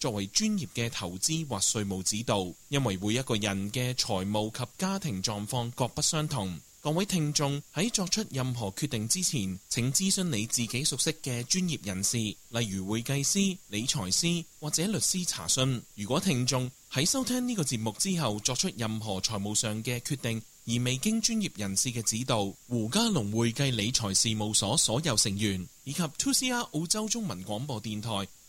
作為專業嘅投資或稅務指導，因為每一個人嘅財務及家庭狀況各不相同。各位聽眾喺作出任何決定之前，請諮詢你自己熟悉嘅專業人士，例如會計師、理財師或者律師查詢。如果聽眾喺收聽呢個節目之後作出任何財務上嘅決定，而未經專業人士嘅指導，胡嘉龍會計理財事務所所有成員以及 2CR 澳洲中文廣播電台。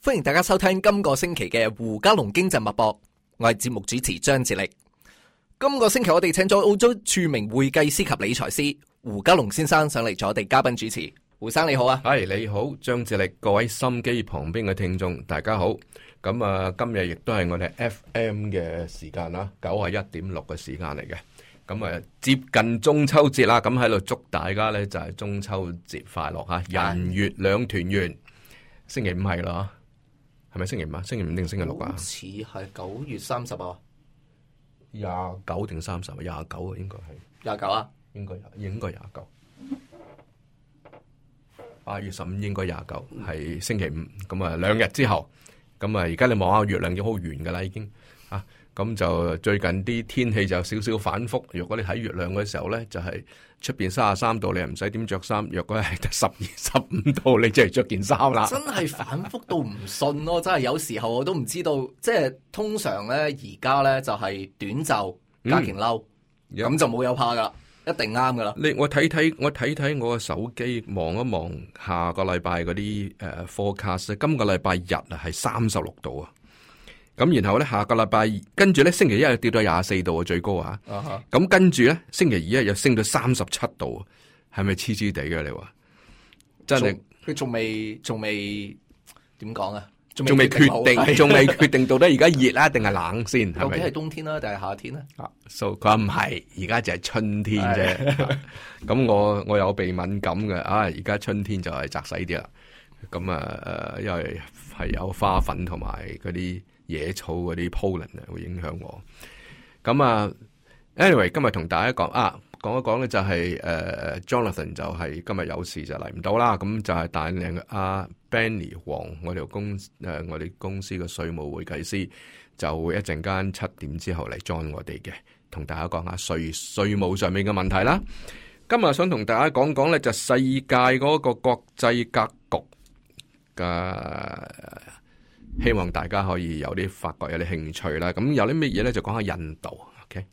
歡迎大家收聽今個星期嘅胡嘉龍經濟脈搏，我係節目主持張智力。今個星期我哋請咗澳洲著名會計師及理財師胡嘉龍先生上嚟做我哋嘉賓主持。胡生你好啊，係，你好，張智力，各位心機旁邊嘅聽眾大家好。咁啊，今日亦都係我哋 FM 嘅時間啦，九啊一點六嘅時間嚟嘅。咁啊，接近中秋節啦，咁喺度祝大家呢就係中秋節快樂吓，人月兩團圓。是星期五係啦。係咪星期五，星期五定星期六啊？好似係九月三十啊，廿九定三十？廿九啊，應該係廿九啊，應該廿應該廿九。八月十五應該廿九，係星期五。咁啊，兩日之後，咁啊，而家你望下月亮已經好圓噶啦，已經啊。咁就最近啲天氣就少少反覆。如果你睇月亮嘅時候呢，就係、是。出邊三十三度，你又唔使點着衫；若果係得十二、十五度，你就係着件衫啦。真係反覆到唔信咯！真係有時候我都唔知道，即係通常咧，而家咧就係、是、短袖加件褸，咁、嗯、就冇有，有怕噶、嗯，一定啱噶啦。你我睇睇，我睇睇我嘅手機，望一望下個禮拜嗰啲誒 forecast，今個禮拜日係三十六度啊。咁然後咧，下個禮拜跟住咧，星期一又跌到廿四度啊，最高啊！咁、uh -huh. 嗯、跟住咧，星期二又升到三十七度，係咪痴痴地嘅你話？真係佢仲未，仲未點講啊？仲未決，決定，仲未決定到底而家熱啦定係冷先？究竟係冬天啦定係夏天啦？啊，So，佢話唔係，而家就係春天啫。咁 我我有鼻敏感嘅啊，而家春天就係窒死啲啦。咁啊誒，因為係有花粉同埋嗰啲。野草嗰啲 pollen 啊，Poland，會影響我。咁啊，anyway，今日同大家講啊，講一講咧就係、是、誒、呃、Jonathan 就係、是、今日有事就嚟唔到啦。咁就係帶領阿、啊、Benny 黃我哋公誒、呃、我哋公司嘅稅務會計師，就會一陣會間七點之後嚟 join 我哋嘅，同大家講下稅稅，稅務上面嘅問題啦。今日想同大家講講咧就是、世界嗰個國際格局嘅。希望大家可以有啲發掘、有啲興趣啦。咁有啲乜嘢咧？就講下印度。OK，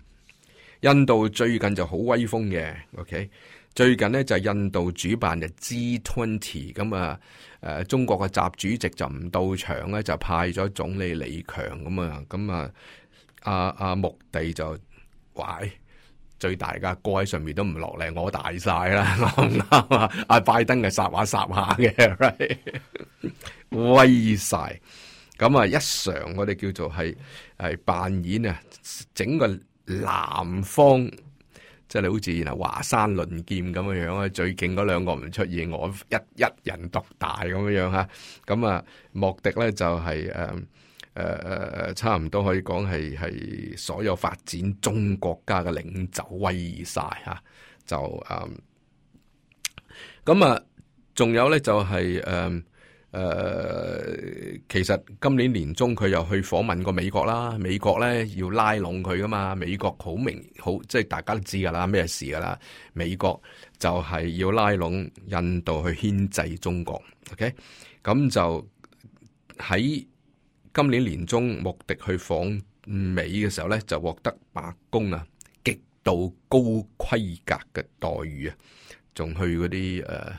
印度最近就好威風嘅。OK，最近呢，就是、印度主辦嘅 G20，咁啊誒，中國嘅習主席就唔到場咧，就派咗總理李強咁啊。咁啊，阿阿莫迪就怪最大㗎，過喺上面都唔落嚟，我大晒啦，啱 啊？阿拜登嘅傻下、傻下嘅威晒。咁啊，一常我哋叫做係係扮演啊，整個南方即係、就是、好似然華山論劍咁嘅樣啦，最勁嗰兩個唔出現，我一一人獨大咁嘅樣吓。咁啊，莫迪咧就係誒誒誒，差唔多可以講係係所有發展中國家嘅領袖威晒吓，就誒。咁、呃、啊，仲有咧就係、是、誒。呃誒、呃，其實今年年中佢又去訪問過美國啦，美國咧要拉攏佢㗎嘛，美國好明好，即係大家都知㗎啦，咩事㗎啦，美國就係要拉攏印度去牽制中國。OK，咁就喺今年年中莫迪去訪美嘅時候咧，就獲得白宮啊極度高規格嘅待遇啊，仲去嗰啲誒。呃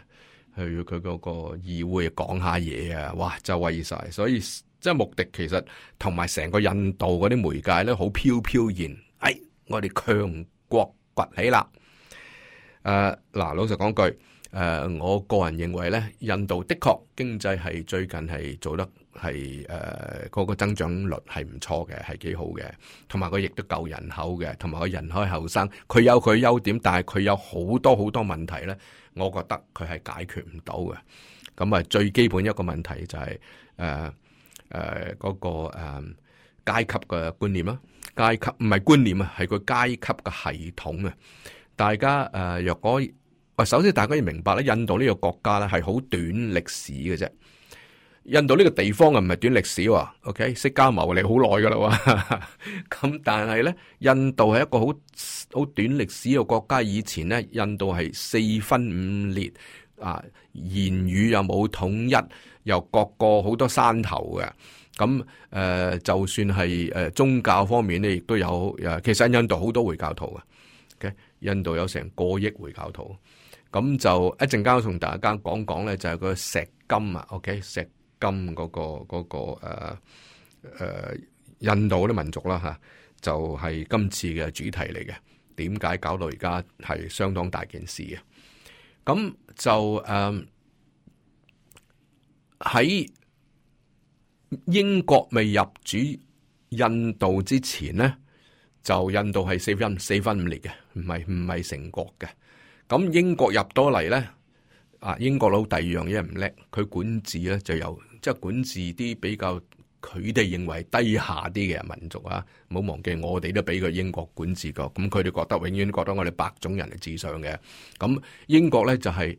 去佢嗰個議會講下嘢啊！哇，就為晒。所以即係目的其實同埋成個印度嗰啲媒介咧，好飄飄然。哎，我哋強國崛起、呃、啦！誒嗱，老實講句誒、呃，我個人認為咧，印度的確經濟係最近係做得係誒嗰個增長率係唔錯嘅，係幾好嘅。同埋佢亦都夠人口嘅，同埋佢人口後生，佢有佢優點，但係佢有好多好多問題咧。我覺得佢係解決唔到嘅，咁啊最基本一個問題就係誒誒嗰個誒階級嘅觀念啊，階級唔係觀念啊，係個階級嘅系統啊。大家誒若果，啊首先大家要明白咧，印度呢個國家咧係好短歷史嘅啫。印度呢個地方啊，唔係短歷史喎，OK，釋迦牟尼好耐噶啦喎，咁 但係咧，印度係一個好好短歷史嘅國家。以前咧，印度係四分五裂啊，言語又冇統一，又各個好多山頭嘅。咁、呃、就算係、呃、宗教方面咧，亦都有。其實印度好多回教徒㗎。o、okay? k 印度有成個億回教徒。咁就一陣間同大家講講咧，就係、是、個石金啊，OK，石。今嗰、嗰個、嗰個誒誒、啊啊、印度啲民族啦，吓、啊，就係、係、今次嘅主題嚟嘅。點解搞到而家係相當大件事嘅？咁就誒喺、啊、英國未入主印度之前呢，就印度係四分四分五裂嘅，唔係唔係成國嘅。咁英國入到嚟咧。啊！英國佬第二樣嘢唔叻，佢管治咧就有即係、就是、管治啲比較佢哋認為低下啲嘅民族啊！冇忘記我哋都俾佢英國管治過，咁佢哋覺得永遠覺得我哋白種人係至上嘅。咁英國咧就係、是、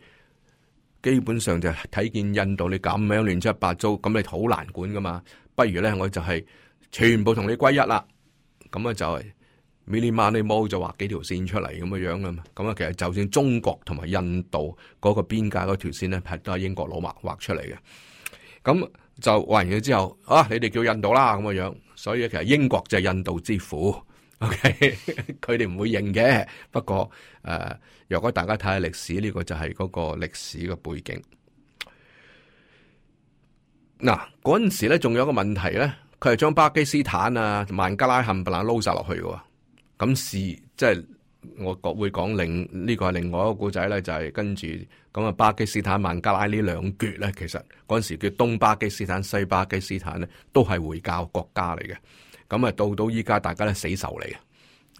基本上就係睇見印度你咁樣亂七八糟，咁你好難管噶嘛？不如咧我就係全部同你歸一啦，咁啊就係。m i 米利馬尼摩就畫幾條線出嚟咁嘅樣啦嘛，咁啊，其實就算中國同埋印度嗰個邊界嗰條線咧，係都係英國佬畫出嚟嘅。咁就畫完佢之後，啊，你哋叫印度啦咁嘅樣，所以其實英國就係印度之父。OK，佢哋唔會認嘅。不過誒，若、呃、果大家睇下歷史，呢、這個就係嗰個歷史嘅背景。嗱，嗰陣時咧，仲有一個問題咧，佢係將巴基斯坦啊、孟加拉冚唪唥撈晒落去嘅。咁、這個、是即係我講會講另呢個係另外一個古仔咧，就係、是、跟住咁啊巴基斯坦孟加拉呢兩橛咧，其實嗰陣時叫東巴基斯坦、西巴基斯坦咧，都係回教國家嚟嘅。咁啊到到依家大家咧死仇嚟嘅。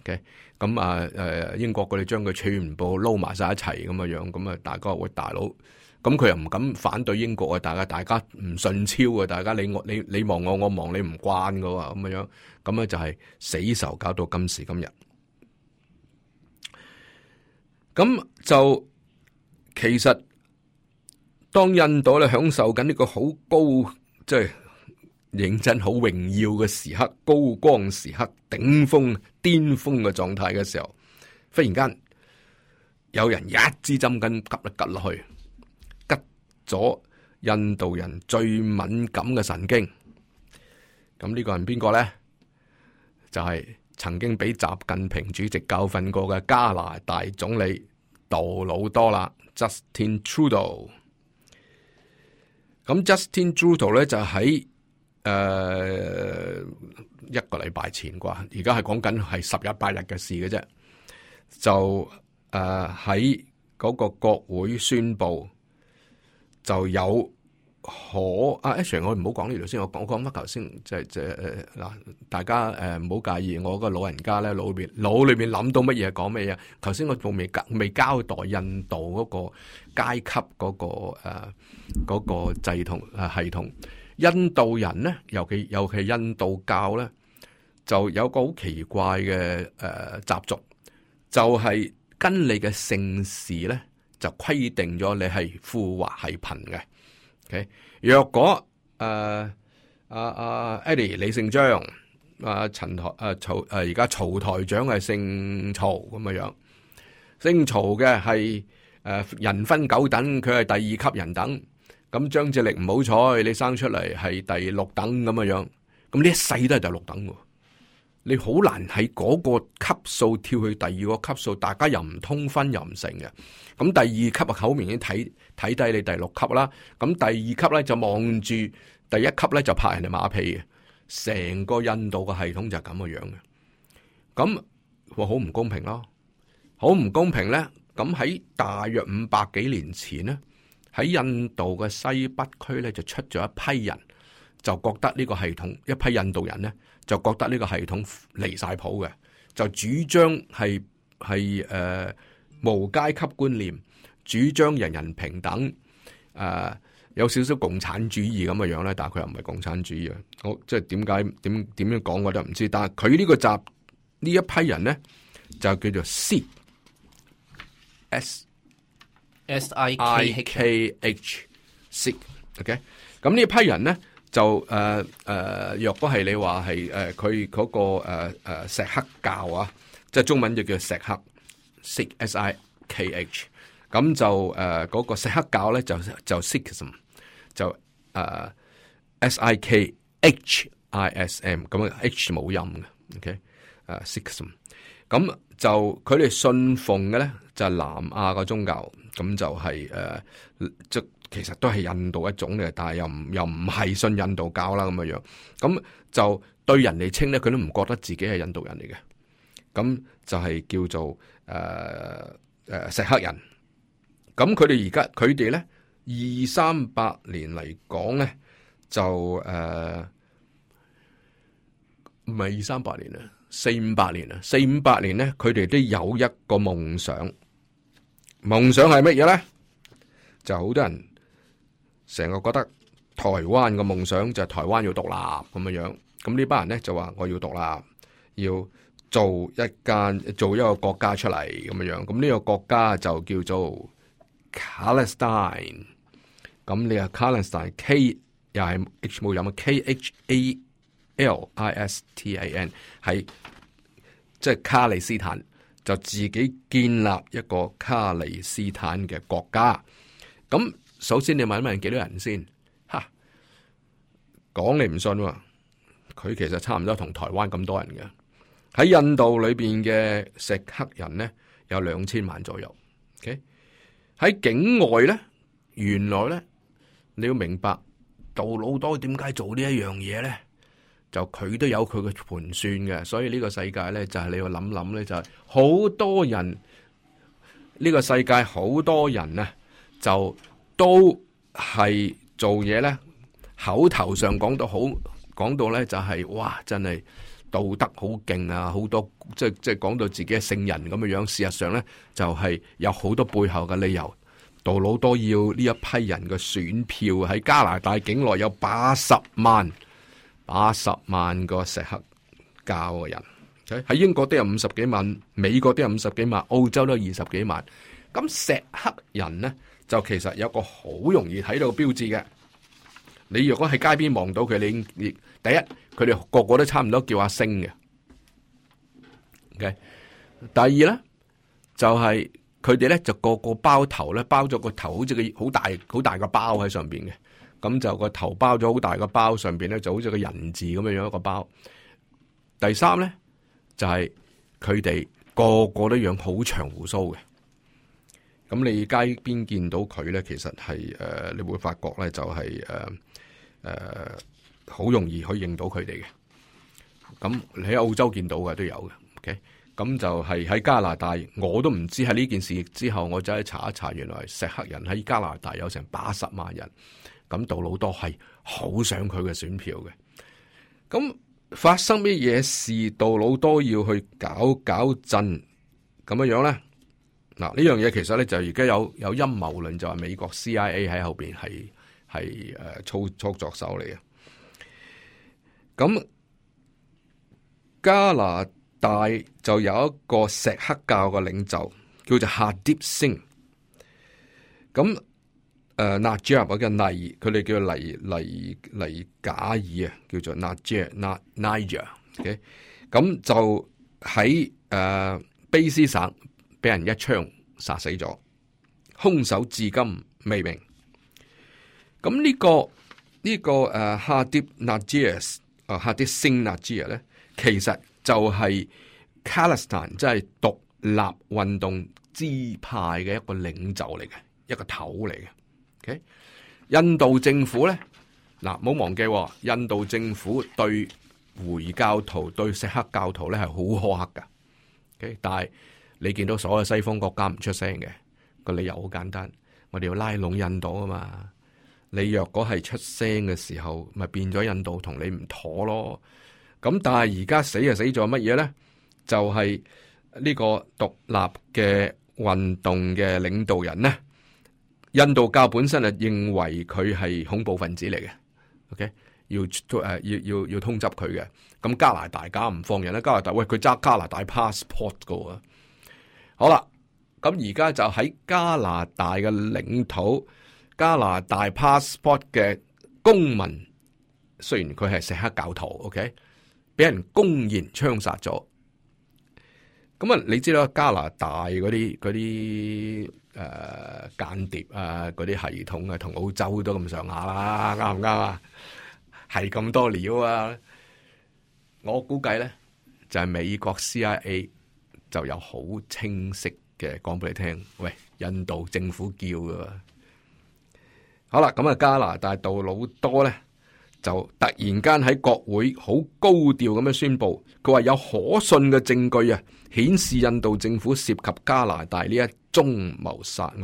OK，咁啊誒英國佢哋將佢全部撈埋晒一齊咁嘅樣，咁啊大家會大佬。咁佢又唔敢反對英國啊！大家大家唔順超啊！大家你，你，你忙我，我忙你你望我我望你唔慣噶喎，咁嘅樣咁咧就係死仇，搞到今時今日。咁就其實當印度咧享受緊呢個好高即係、就是、認真好榮耀嘅時刻，高光時刻頂峰巔峰嘅狀態嘅時候，忽然間有人一支針筋拮一拮落去。咗印度人最敏感嘅神經，咁呢個人邊個咧？就係、是、曾經俾習近平主席教訓過嘅加拿大總理杜魯多啦，Justin Trudeau。咁 Justin Trudeau 咧就喺誒、呃、一個禮拜前啩，而家係講緊係十日八日嘅事嘅啫，就誒喺嗰個國會宣布。就有可啊 Ashley，我唔好講呢度先不，我講講翻頭先，即即，嗱，大家誒唔好介意，我個老人家咧腦裏邊腦裏邊諗到乜嘢講乜嘢。頭先我仲未交未交代印度嗰個階級嗰、嗰個呃嗰個制度啊系統。印度人咧，尤其尤其印度教咧，就有個好奇怪嘅誒、呃、習俗，就係、是、跟你嘅姓氏咧。就規定咗你是富華係富或係貧嘅。OK，若果誒誒誒，Eddie，你姓張，啊陳台誒曹誒，而、呃、家曹台長係姓曹咁嘅樣，姓曹嘅係誒人分九等，佢係第二級人等。咁張志力唔好彩，你生出嚟係第六等咁嘅樣。咁呢一世都係第六等。你好難喺嗰個級數跳去第二個級數，大家又唔通分又唔成嘅。咁第二級嘅口面已經睇睇低你第六級啦。咁第二級咧就望住第一級咧就拍人哋馬屁嘅。成個印度嘅系統就係咁嘅樣嘅。咁我好唔公平咯，好唔公平咧。咁喺大約五百幾年前咧，喺印度嘅西北區咧就出咗一批人，就覺得呢個系統一批印度人咧。就覺得呢個系統離晒譜嘅，就主張係係誒無階級觀念，主張人人平等，誒、呃、有少少共產主義咁嘅樣咧，但係佢又唔係共產主義的，我即係點解點點樣講我都唔知，但係佢呢個集這一呢一批人咧就叫做 C S S I K -H S -I K H C，OK，、okay? 咁呢一批人咧。就誒誒、啊啊，若果係你話係誒，佢、啊、嗰、那個誒、啊啊、錫克教啊，即係中文就叫錫克 s i k h，咁就誒嗰、啊那個錫克教咧就就 sikism 就誒、啊、s i k h i s m，咁啊 h 冇音嘅，ok 誒 sikism 咁就佢哋信奉嘅咧就係、是、南亞個宗教，咁就係誒即。啊其實都係印度一種嘅，但係又唔又唔係信印度教啦，咁嘅樣，咁就對人嚟稱咧，佢都唔覺得自己係印度人嚟嘅，咁就係叫做誒誒、呃呃、石黑人。咁佢哋而家佢哋咧二三百年嚟講咧，就誒唔係二三百年啊，四五百年啊，四五百年咧，佢哋都有一個夢想，夢想係乜嘢咧？就好多人。成個覺得台灣嘅夢想就係台灣要獨立咁樣樣，咁呢班人咧就話我要獨立，要做一間做一個國家出嚟咁樣樣，咁呢個國家就叫做卡利斯坦。咁你話卡利斯坦 K 又係 H 冇有啊 K H A L I S T A N 係，即係卡利斯坦就自己建立一個卡利斯坦嘅國家，咁。首先你問一問幾多人先，吓，講你唔信喎，佢其實差唔多同台灣咁多人嘅。喺印度裏邊嘅錫克人呢，有兩千萬左右。喺、okay? 境外呢，原來呢，你要明白杜魯多點解做呢一樣嘢呢？就佢都有佢嘅盤算嘅。所以呢個世界呢，就係、是、你要諗諗呢，就係、是、好多人呢、這個世界好多人呢，就。都係做嘢呢，口頭上講到好，講到呢，就係哇，真係道德好勁啊！好多即係即係講到自己係聖人咁樣樣，事實上呢，就係、是、有好多背後嘅理由，杜魯多要呢一批人嘅選票喺加拿大境內有八十萬，八十萬個錫克教嘅人喺英國都有五十幾萬，美國都有五十幾萬，澳洲都有二十幾萬，咁錫克人呢。就其實有個好容易睇到嘅標誌嘅，你若果喺街邊望到佢，你，你第一佢哋個個都差唔多叫阿星嘅，OK。第二咧就係佢哋咧就個個包頭咧，包咗個頭好個，好似個好大好大個包喺上邊嘅，咁就個頭包咗好大個包，上邊咧就好似個人字咁樣樣一個包。第三咧就係佢哋個個都養好長鬍鬚嘅。咁你街邊見到佢咧，其實係、呃、你會發覺咧、就係，就係誒好容易可以認到佢哋嘅。咁你喺澳洲見到嘅都有嘅。OK，咁就係喺加拿大，我都唔知喺呢件事之後，我就去查一查，原來石黑人喺加拿大有成八十萬人。咁杜魯多係好想佢嘅選票嘅。咁發生咩嘢事？杜魯多要去搞搞震，咁樣呢。咧？嗱呢樣嘢，其實咧，就而家有有陰謀論就話美國 CIA 喺後邊係係誒操操作手嚟啊。咁加拿大就有一個錫克教嘅領袖叫做 Hardeep Singh，咁誒 Nigeria 嘅尼佢哋叫尼尼尼賈爾啊，叫做 Nigeria n i g e r i、okay? 咁就喺誒、呃、卑詩省俾人一槍殺死咗，凶手至今未明。咁呢、這個呢、這個誒哈迪納吉爾啊哈迪星納吉爾咧，其實就係卡拉斯坦，即係獨立運動支派嘅一個領袖嚟嘅，一個頭嚟嘅。OK，印度政府咧嗱，冇忘記、哦，印度政府對回教徒、對錫克教徒咧係好苛刻噶。OK，但係。你見到所有西方國家唔出聲嘅個理由好簡單，我哋要拉攏印度啊嘛。你若果係出聲嘅時候，咪變咗印度同你唔妥咯。咁但係而家死就死咗乜嘢咧？就係、是、呢個獨立嘅運動嘅領導人咧。印度教本身係認為佢係恐怖分子嚟嘅，OK 要誒、啊、要要要通緝佢嘅。咁加拿大敢唔放人咧？加拿大喂佢揸加拿大 passport 㗎啊！好啦，咁而家就喺加拿大嘅領土，加拿大 passport 嘅公民，雖然佢係錫克教徒，OK，俾人公然槍殺咗。咁啊，你知道加拿大嗰啲嗰啲誒間諜啊，嗰啲系統啊，同澳洲都咁上下啦，啱唔啱啊？係咁多料啊！我估計咧，就係美國 CIA。就有好清晰嘅講俾你聽，喂，印度政府叫噶、啊，好啦，咁啊，加拿大杜魯多呢，就突然間喺國會好高調咁樣宣布，佢話有可信嘅證據啊，顯示印度政府涉及加拿大呢一宗謀殺案，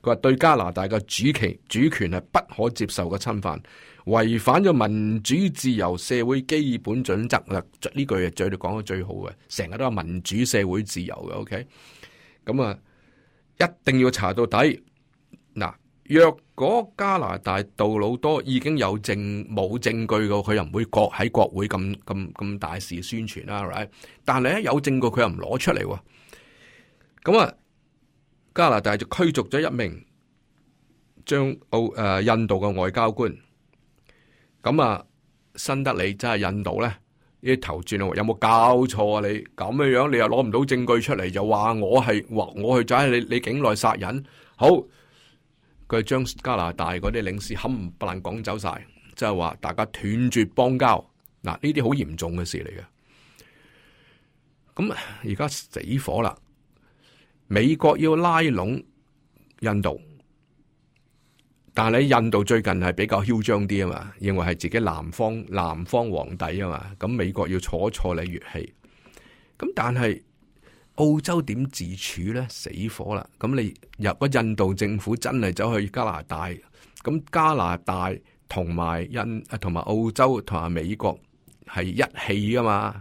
佢話對加拿大嘅主、主權主權係不可接受嘅侵犯。違反咗民主自由社會基本準則啦！呢句嘢最你講得最好嘅，成日都係民主社會自由嘅。O K，咁啊，一定要查到底。嗱，若果加拿大杜魯多已經有證冇證據嘅，佢又唔會國喺國會咁咁咁大事宣傳啦。Right? 但係咧有證據佢又唔攞出嚟。咁啊，加拿大就驅逐咗一名將澳誒、哦呃、印度嘅外交官。咁啊，新德里真係印度咧，呢啲頭轉有冇搞錯啊你樣？咁嘅樣你又攞唔到證據出嚟，就話我係話我去就喺你你境內殺人。好，佢將加拿大嗰啲領事冚唪爛趕走晒，即係話大家斷絕邦交。嗱，呢啲好嚴重嘅事嚟嘅。咁而家死火啦，美國要拉攏印度。但係你印度最近係比較囂張啲啊嘛，認為係自己南方南方皇帝啊嘛，咁美國要坐坐你越氣，咁但係澳洲點自處咧？死火啦！咁你若果印度政府真係走去加拿大，咁加拿大同埋印啊同埋澳洲同埋美國係一氣噶嘛？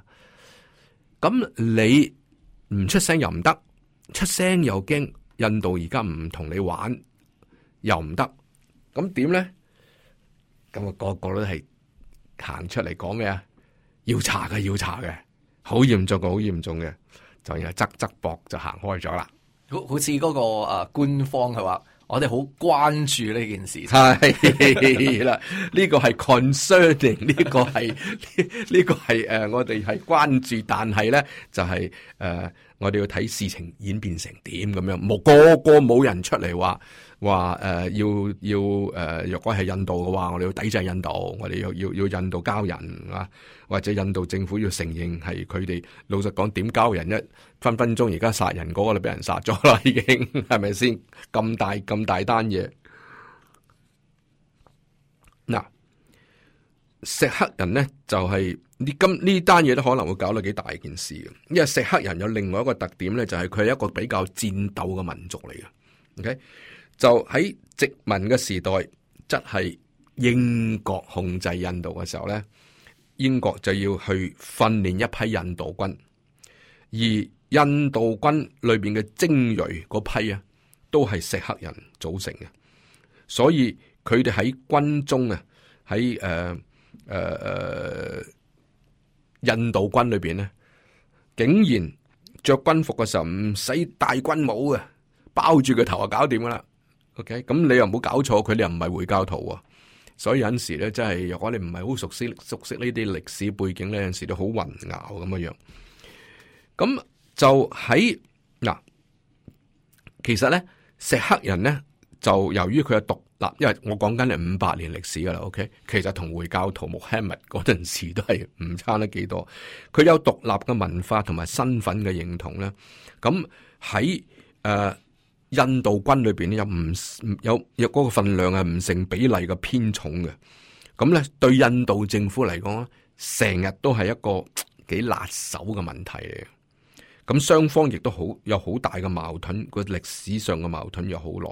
咁你唔出聲又唔得，出聲又驚印度而家唔同你玩又唔得。咁點咧？咁啊，個個都係行出嚟講咩啊？要查嘅，要查嘅，好嚴重嘅，好嚴重嘅，就而家側側膊就行開咗啦。好好似嗰個誒官方係話，我哋好關注呢件事。係 啦， 呢 個係 concerning，呢個係呢個係誒，我哋係關注，但係咧就係、是、誒、呃，我哋要睇事情演變成點咁樣，冇個個冇人出嚟話。話誒、呃，要要誒，若、呃、果係印度嘅話，我哋要抵制印度，我哋要要要印度交人啊，或者印度政府要承認係佢哋老實講，點交人一分分鐘，而家殺人嗰個就俾人殺咗啦，已經係咪先咁大咁大單嘢？嗱，錫克人呢就係、是、呢今呢單嘢都可能會搞到幾大件事嘅，因為錫克人有另外一個特點咧，就係佢係一個比較戰鬥嘅民族嚟嘅。OK。就喺殖民嘅時代，即係英國控制印度嘅時候咧，英國就要去訓練一批印度軍，而印度軍裏邊嘅精銳嗰批啊，都係錫克人組成嘅，所以佢哋喺軍中啊，喺誒誒誒，印度軍裏邊咧，竟然着軍服嘅時候唔使戴軍帽啊，包住個頭就搞掂噶啦。OK，咁你又唔好搞錯，佢哋又唔係回教徒喎，啊。所以有陣時咧，真係如果你唔係好熟悉熟悉呢啲歷史背景咧，有陣時都好混淆咁嘅樣。咁就喺嗱，其實咧，錫克人咧，就由於佢嘅獨立，因為我講緊係五百年歷史噶啦。OK，其實同回教徒穆罕默嗰陣時都係唔差得幾多。佢有獨立嘅文化同埋身份嘅認同咧。咁喺誒。呃印度軍裏面咧，有唔有有嗰個份量係唔成比例嘅偏重嘅，咁咧，對印度政府嚟講，成日都係一個幾辣手嘅問題嚟嘅。咁雙方亦都好有好大嘅矛盾，個歷史上嘅矛盾有好耐。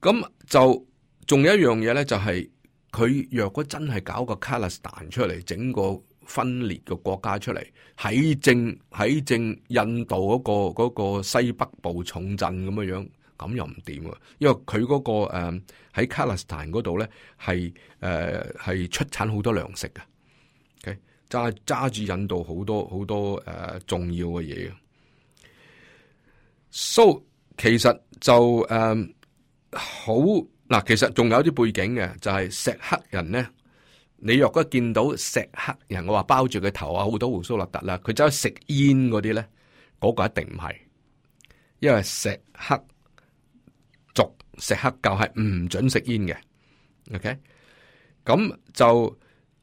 咁就仲有一樣嘢咧，就係佢若果真係搞個卡拉斯坦出嚟，整個。分裂嘅國家出嚟，喺正喺正印度嗰、那個、那個西北部重鎮咁樣樣，咁又唔掂啊？因為佢嗰、那個誒喺、嗯、卡拉斯坦嗰度咧，係誒係出產好多糧食嘅，揸、okay? 揸住印度好多好多誒、呃、重要嘅嘢嘅。So 其實就誒、呃、好嗱、啊，其實仲有啲背景嘅，就係、是、石黑人咧。你若果見到石黑人，我話包住佢頭啊，好多鬍鬚立突啦，佢走去食煙嗰啲咧，嗰、那個一定唔係，因為石黑族石黑教係唔准食煙嘅。OK，咁就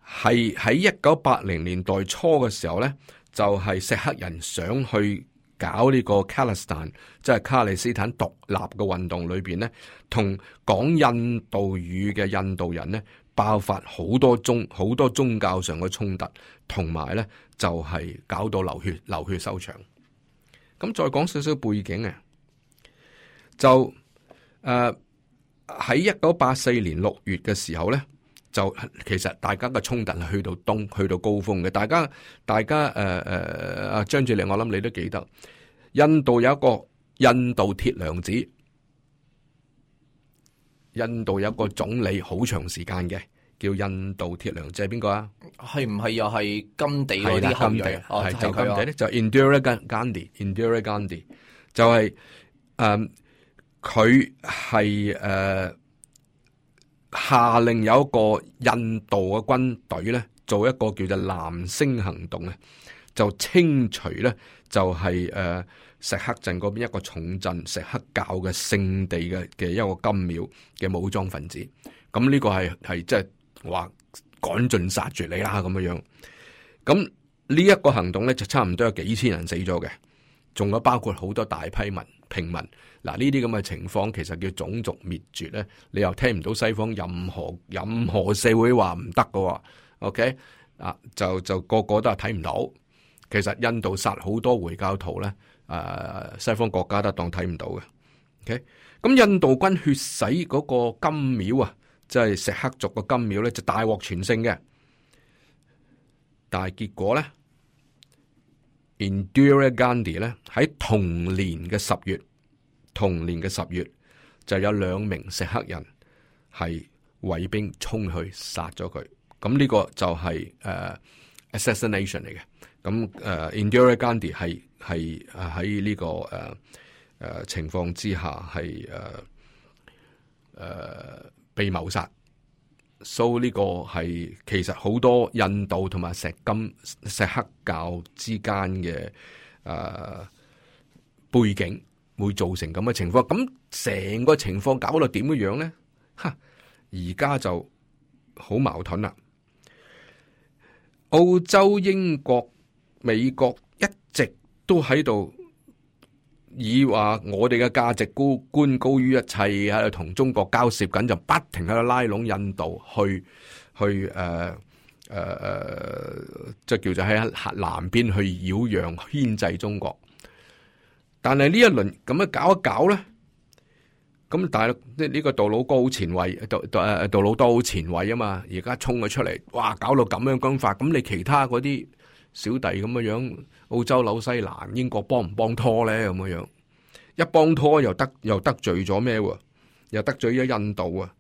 係喺一九八零年代初嘅時候咧，就係、是、石黑人想去搞呢個卡利斯坦，即、就、係、是、卡利斯坦獨立嘅運動裏面咧，同講印度語嘅印度人咧。爆發好多宗好多宗教上嘅衝突，同埋咧就係搞到流血流血收場。咁再講少少背景啊，就誒喺一九八四年六月嘅時候咧，就其實大家嘅衝突係去到東去到高峰嘅，大家大家誒誒張志玲，我諗你都記得，印度有一個印度鐵娘子。印度有一個總理好長時間嘅，叫印度鐵娘子即係邊個啊？係唔係又係甘地嗰啲甘地？哦，係甘地咧，就，就 Indira Gandhi，Indira、啊、Gandhi 就係、是，誒、嗯，佢係誒下令有一個印度嘅軍隊咧，做一個叫做藍星行動啊，就清除咧，就係、是、誒。呃石克鎮嗰邊一個重鎮，錫克教嘅聖地嘅嘅一個金廟嘅武裝分子，咁呢個係係即係話趕盡殺絕你啦咁樣樣，咁呢一個行動咧就差唔多有幾千人死咗嘅，仲有包括好多大批民平民，嗱呢啲咁嘅情況其實叫種族滅絕咧，你又聽唔到西方任何任何社會話唔得嘅，OK 啊，就就個個都係睇唔到。其實印度殺好多回教徒咧，誒，西方國家都當睇唔到嘅。咁、OK? 印度軍血洗嗰個金廟啊，即係錫克族個金廟咧，就，是、就大獲全勝嘅。但係結果咧，Indira Gandhi 咧喺同年嘅十月，同年嘅十月就有兩名錫克人係衛兵衝去殺咗佢。咁呢個就係、是、誒、uh, assassination 嚟嘅。咁誒、uh,，Indira Gandhi 係喺呢個誒誒、uh, 情況之下係誒誒被謀殺，so 呢個係其實好多印度同埋石金石黑教之間嘅誒、uh, 背景會造成咁嘅情況。咁成個情況搞到點嘅樣咧？哈！而家就好矛盾啦。澳洲、英國。美國一直都喺度以話我哋嘅價值觀高於一切，喺度同中國交涉緊，就不停喺度拉攏印度去去誒誒誒，即、啊、係、啊、叫做喺南邊去擾攘牽制中國。但係呢一輪咁樣搞一搞咧，咁但係呢呢個杜魯高前衛，杜魯高杜誒杜魯多好前衛啊嘛，而家衝咗出嚟，哇，搞到咁樣軍法，咁你其他嗰啲。小弟咁嘅樣，澳洲紐西蘭、英國幫唔幫拖咧？咁嘅樣，一幫拖又得又得罪咗咩？又得罪咗印度啊！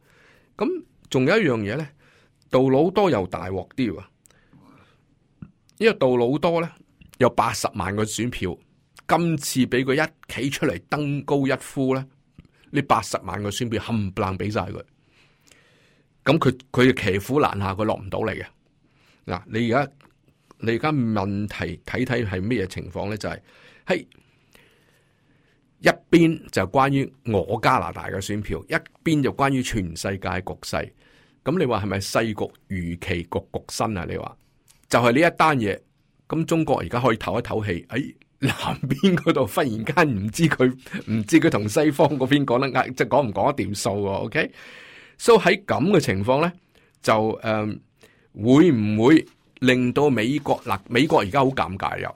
咁仲有一樣嘢咧，杜魯多又大鑊啲喎，因為杜魯多咧有八十萬個選票，今次俾佢一企出嚟，登高一呼咧，呢八十萬個選票冚唪唥俾晒佢，咁佢佢騎虎難下，佢落唔到嚟嘅。嗱，你而家。你而家問題睇睇係咩嘢情況咧？就係、是、喺一邊就關於我加拿大嘅選票，一邊就關於全世界局勢。咁你話係咪世局如期局局新啊？你話就係、是、呢一單嘢。咁中國而家可以唞一唞氣。誒、哎，南邊嗰度忽然間唔知佢唔知佢同西方嗰邊講得即係講唔講得掂數。O K，所以喺咁嘅情況咧，就誒、okay? so, 嗯、會唔會？令到美國嗱、啊，美國而家好尷尬啊！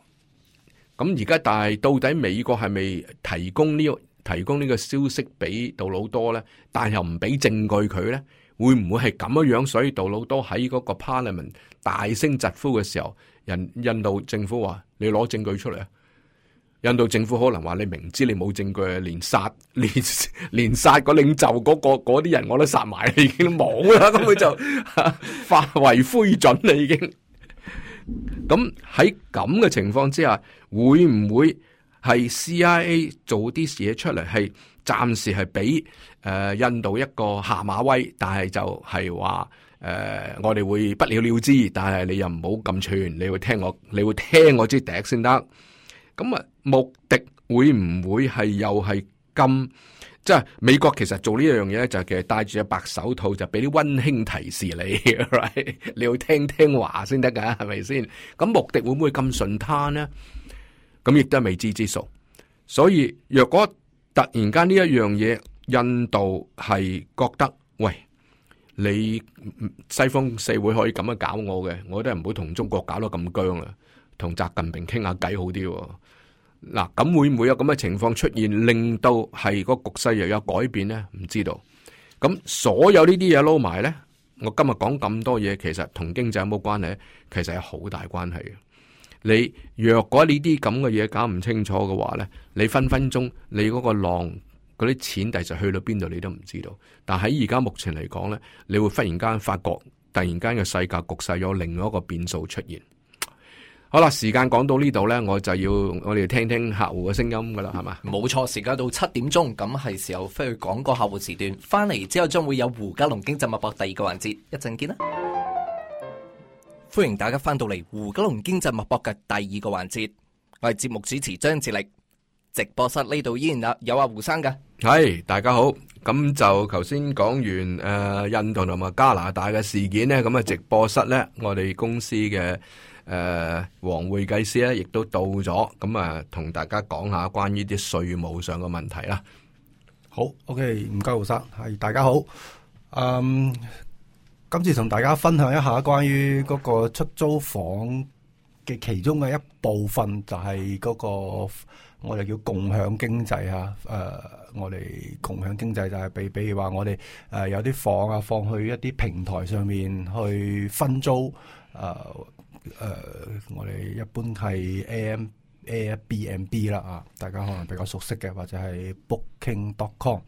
咁而家但係到底美國係咪提供呢個提供呢個消息俾杜魯多咧？但係又唔俾證據佢咧？會唔會係咁樣？所以杜魯多喺嗰個 Parliament 大聲疾呼嘅時候，印印度政府話：你攞證據出嚟啊！印度政府可能話：你明知你冇證據，連殺連連殺個領袖、嗰個，嗰個嗰啲人我都殺埋，已經冇啦，根本就化、啊、為灰燼啦，已經。咁喺咁嘅情況之下，會唔會係 CIA 做啲事嘢出嚟？係暫時係俾誒印度一個下馬威，但係就係話誒，我哋會不了了之，但係你又唔好咁串，你會聽我，你會聽我支笛先得。咁啊，目的會唔會係又係咁？即係美國其實做呢樣嘢咧，就係其實戴住隻白手套就俾啲溫馨提示，right? 你，你去聽聽話先得噶，係咪先？咁目的會唔會咁順攤呢？咁亦都係未知之數。所以若果突然間呢一樣嘢，印度係覺得喂，你西方社會可以咁樣搞我嘅，我都係唔會同中國搞到咁僵啦，同習近平傾下偈好啲，哦。嗱，咁會唔會有咁嘅情況出現，令到係個局勢又有改變呢？唔知道。咁所有呢啲嘢撈埋呢，我今日講咁多嘢，其實同經濟有冇關係？其實係好大關係嘅。你若果呢啲咁嘅嘢搞唔清楚嘅話呢，你分分鐘你嗰個浪嗰啲錢，第時去到邊度你都唔知道。但喺而家目前嚟講呢，你會忽然間發覺，突然間嘅世界局勢有另外一個變數出現。好啦，時間講到呢度呢，我就要我哋聽聽客戶嘅聲音噶啦，係嘛？冇錯，時間到七點鐘，咁係時候去講個客戶時段。翻嚟之後，將會有胡嘉龍經濟脈搏第二個環節，一陣見啦！歡迎大家翻到嚟胡嘉龍經濟脈搏嘅第二個環節，我係節目主持張志力。直播室呢度依然有有阿、啊、胡生噶，係、hey, 大家好。咁就頭先講完誒、啊，印度同埋加拿大嘅事件呢，咁啊直播室呢，我哋公司嘅。誒，黃會計師咧，亦都到咗，咁啊，同大家講下關於啲稅務上嘅問題啦。好，OK，唔該，胡生，係大家好。嗯，今次同大家分享一下關於嗰個出租房嘅其中嘅一部分，就係嗰個我哋叫共享經濟吓。誒，我哋共享經濟就係比，比如話我哋誒有啲房啊，放去一啲平台上面去分租，誒。誒、呃，我哋一般係 Airbnb 啦啊，大家可能比較熟悉嘅，或者係 Booking.com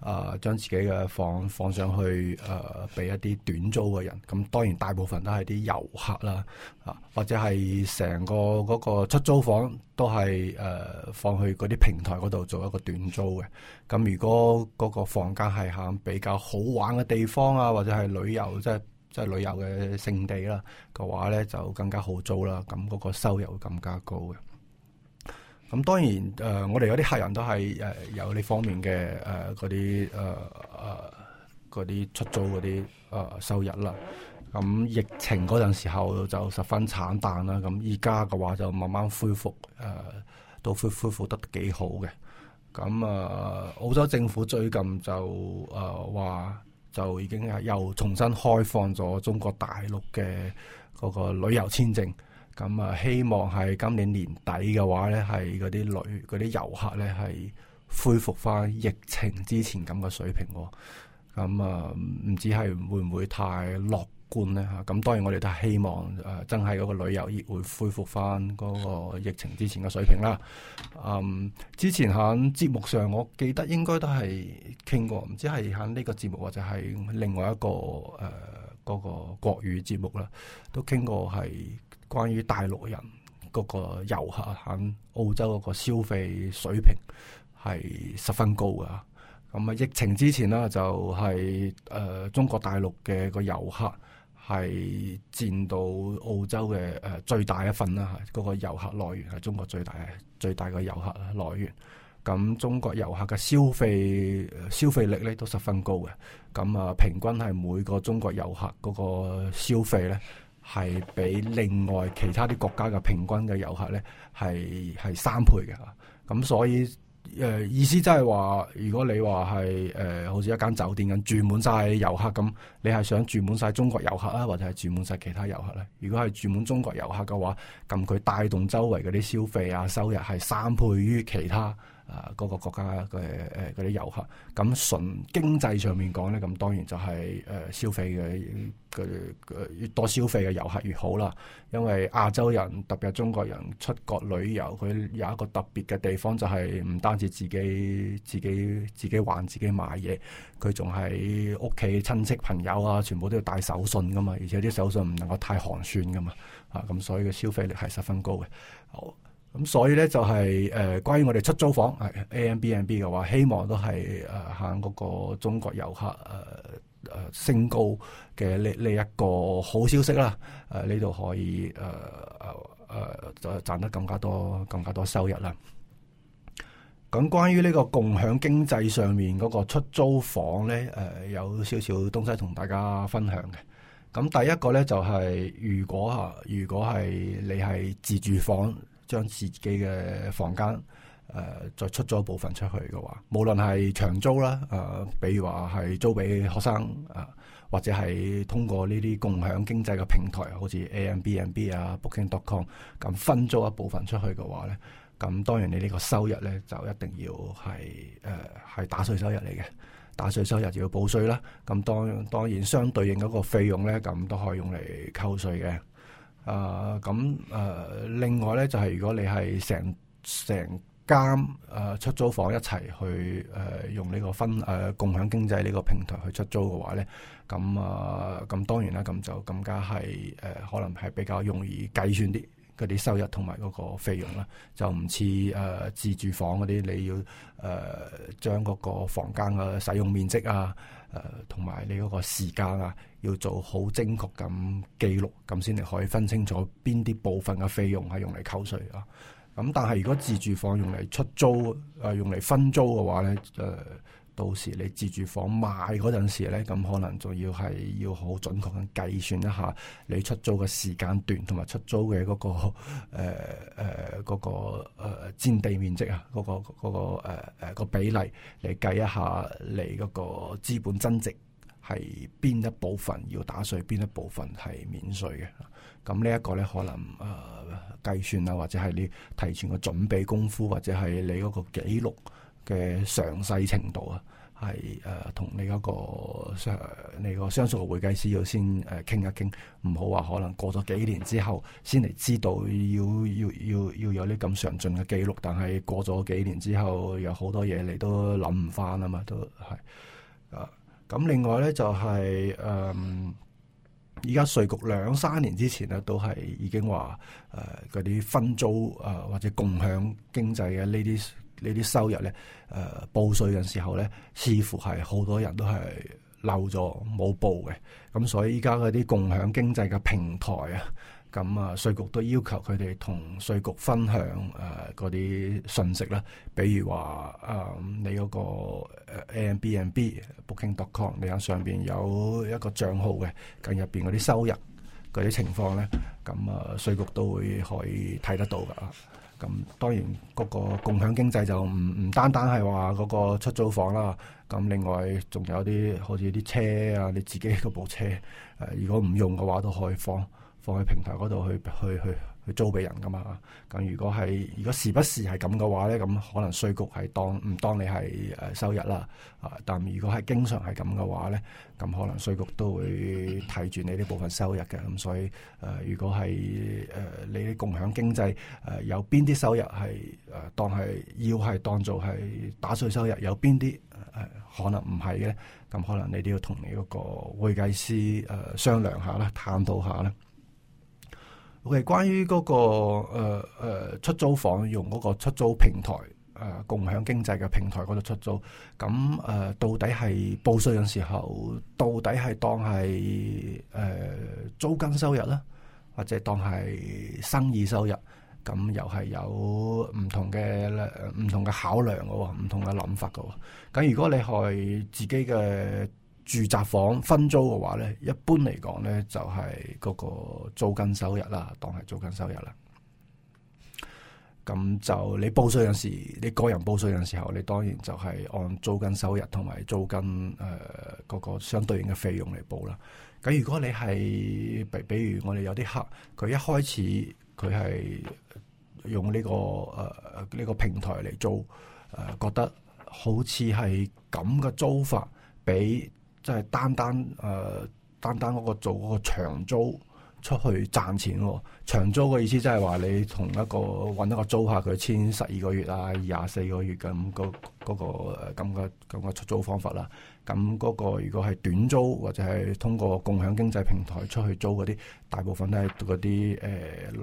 啊、呃，將自己嘅房放上去誒，俾、呃、一啲短租嘅人。咁當然大部分都係啲遊客啦啊，或者係成個嗰個出租房都係誒、呃、放去嗰啲平台嗰度做一個短租嘅。咁如果嗰個房間係響比較好玩嘅地方啊，或者係旅遊即係。即係旅遊嘅勝地啦，嘅話咧就更加好租啦，咁、那、嗰個收入會更加高嘅。咁當然誒、呃，我哋有啲客人都係誒、呃、有呢方面嘅誒嗰啲誒誒嗰啲出租嗰啲誒收入啦。咁疫情嗰陣時候就十分慘淡啦，咁而家嘅話就慢慢恢復誒、呃，都恢恢復得幾好嘅。咁啊、呃，澳洲政府最近就誒話，呃說就已經啊，又重新開放咗中國大陸嘅嗰個旅遊簽證，咁啊，希望係今年年底嘅話咧，係嗰啲旅啲遊客咧，係恢復返疫情之前咁嘅水平，咁啊，唔知係會唔會太落觀咧吓，咁當然我哋都係希望誒，真係嗰個旅遊業會恢復翻嗰個疫情之前嘅水平啦。嗯，之前喺節目上我記得應該都係傾過，唔知係喺呢個節目或者係另外一個誒嗰、呃嗰個國語節目啦，都傾過係關於大陸人嗰個遊客喺澳洲嗰個消費水平係十分高噶。咁、嗯、啊，疫情之前啦，就係、係、誒、呃、中國大陸嘅個遊客。係佔到澳洲嘅誒，最大一份啦嚇，嗰，那個遊客來源係中國最大嘅，最大嘅遊客來源。咁中國遊客嘅消費消費力咧都十分高嘅。咁啊，平均係每個中國遊客嗰個消費咧，係比另外其他啲國家嘅平均嘅遊客咧係係三倍嘅嚇。咁所以。誒，意思即係話，如果你話係誒，好似一間酒店咁住滿晒遊客咁，你係想住滿晒中國遊客啊，或者係住滿晒其他遊客咧？如果係住滿中國遊客嘅話，咁佢帶動周圍嗰啲消費啊、收入係三倍於其他，啊，各個國家嘅嗰啲遊客，咁純經濟上面講咧，咁當然就係消費嘅，越多消費嘅遊客越好啦。因為亞洲人特別係中國人出國旅遊，佢有一個特別嘅地方就係唔單止自己自己自己玩自己買嘢，佢仲喺屋企親戚朋友啊，全部都要帶手信噶嘛，而且啲手信唔能夠太寒酸噶嘛，咁所以嘅消費力係十分高嘅。好。咁所以咧就係、是、誒、呃、關於我哋出租房係 Airbnb 嘅話，希望都係誒嗰個中國遊客誒誒、呃呃、升高嘅呢呢一個好消息啦誒呢度可以誒誒、呃呃、賺得更加多更加多收入啦。咁關於呢個共享經濟上面嗰個出租房咧誒、呃、有少少東西同大家分享嘅。咁第一個咧就係、是、如果如果係你係自住房，將自己嘅房間誒、呃、再出咗部分出去嘅話，無論係長租啦，誒、呃，比如話係租俾學生啊、呃，或者係通過呢啲共享經濟嘅平台，好似 Airbnb 啊、啊啊、Booking.com 咁、嗯、分租一部分出去嘅話咧，咁、嗯、當然你呢個收入咧就一定要係誒係打稅收入嚟嘅，打稅收入就要報稅啦。咁、嗯、當然當然相對應嗰個費用咧，咁、嗯、都可以用嚟扣稅嘅。啊，咁啊，另外咧就係、是、如果你係成成間啊出租房一齊去誒、啊、用呢個分誒、啊、共享經濟呢個平台去出租嘅話咧，咁啊咁、啊啊、當然啦，咁就更加係誒、啊、可能係比較容易計算啲嗰啲收入同埋嗰個費用啦，就唔似誒自住房嗰啲你要誒、啊、將嗰個房間嘅使用面積啊。誒同埋你嗰個時間啊，要做好精確咁記錄，咁先你可以分清楚邊啲部分嘅費用係用嚟扣稅啊。咁但係如果自住房用嚟出租，誒用嚟分租嘅話咧，誒、呃。到時你自住房賣嗰陣時咧，咁可能仲要係要好準確咁計算一下你出租嘅時間段同埋出租嘅嗰、嗰個誒誒嗰個佔、呃、地面積啊，嗰、嗰個嗰、嗰個誒、呃嗰個、比例，你計一下你嗰個資本增值係邊一部分要打稅，邊一部分係免稅嘅。咁呢一個咧可能誒、呃、計算啊，或者係你提前嘅準備功夫，或者係你嗰個記錄。嘅詳細程度、呃那個、啊，係誒同你嗰個誒你個相熟嘅會計師要先誒傾、啊、一傾，唔好話可能過咗幾年之後先嚟知道要，要要要要有啲咁詳盡嘅記錄，但係過咗幾年之後，有好多嘢你都諗唔翻啊嘛，都係啊。咁另外咧就係、係、誒，依家稅局兩三年之前咧都係已經話誒嗰啲分租啊或者共享經濟嘅呢啲。呢啲收入咧，誒、呃、報稅嘅時候咧，似乎係好多人都係漏咗冇報嘅。咁所以依家嗰啲共享經濟嘅平台啊，咁啊，稅局都要求佢哋同稅局分享誒嗰啲信息啦。比如話啊、呃，你嗰個 Airbnb Booking.com，你喺上邊有一個賬號嘅，咁入邊嗰啲收入嗰啲情況咧，咁啊，稅局都會可以睇得到㗎啊。咁當然嗰個共享經濟就唔唔單單係話嗰個出租房啦，咁另外仲有啲好似啲車啊，你自己嗰部車，呃，如果唔用嘅話都可以放放喺平台嗰度去去去。去去租俾人噶嘛？咁如果係，如果時不時係咁嘅話咧，咁可能稅局係當唔當你係誒收入啦。啊，但如果係經常係咁嘅話咧，咁可能稅局都會睇住你呢部分收入嘅。咁所以誒、啊，如果係誒、啊、你啲共享經濟誒、啊、有邊啲收入係誒、啊、當係要係當做係打稅收入，有邊啲誒可能唔係嘅，咁可能你都要同你嗰個會計師誒、啊、商量一下啦，探討下啦。我哋關於嗰、那個誒誒、呃呃、出租房用嗰個出租平台誒、呃、共享經濟嘅平台嗰度出租，咁誒、呃、到底係報稅嘅時候，到底係當係誒、呃、租金收入咧，或者當係生意收入，咁又係有唔同嘅唔、呃、同嘅考量嘅、哦，唔同嘅諗法嘅、哦。咁如果你係自己嘅。住宅房分租嘅話咧，一般嚟講咧就係嗰個租金收入啦，當係租金收入啦。咁就你報稅陣時，你個人報稅陣時候，你當然就係按租金收入同埋租金誒，嗰、呃、個相對應嘅費用嚟報啦。咁如果你係比，比如我哋有啲客，佢一開始佢係用呢、呢個誒呢、呃呢個平台嚟租誒、呃，覺得好似係咁嘅租法俾。都、就、係、是、單單誒、呃，單單嗰個做嗰個長租出去賺錢咯、哦。長租嘅意思即係話你同一個搵一個租客，佢簽十二個月啊、廿四個月咁嗰嗰個咁嘅咁嘅出租方法啦。咁嗰個如果係短租或者係通過共享經濟平台出去租嗰啲，大部分都係嗰啲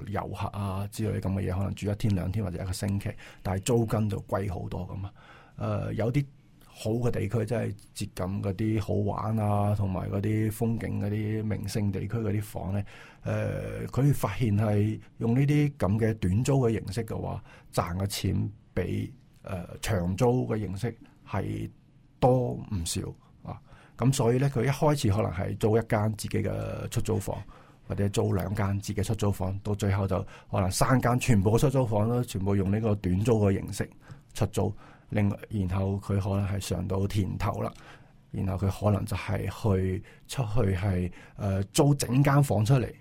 誒遊客啊之類咁嘅嘢，可能住一天兩天或者一個星期，但係租金就貴好多咁呀。誒、呃，有啲。好嘅地區真係接近嗰啲好玩啊，同埋嗰啲風景嗰啲明星地區嗰啲房咧，誒、呃、佢發現係用呢啲咁嘅短租嘅形式嘅話，賺嘅錢比誒、呃、長租嘅形式係多唔少啊！咁所以咧，佢一開始可能係租一間自己嘅出租房，或者租兩間自己的出租房，到最後就可能三間全部嘅出租房都全部用呢個短租嘅形式出租。另然後佢可能係上到甜頭啦，然後佢可，可能就係去出去係誒、呃、租整間房出嚟，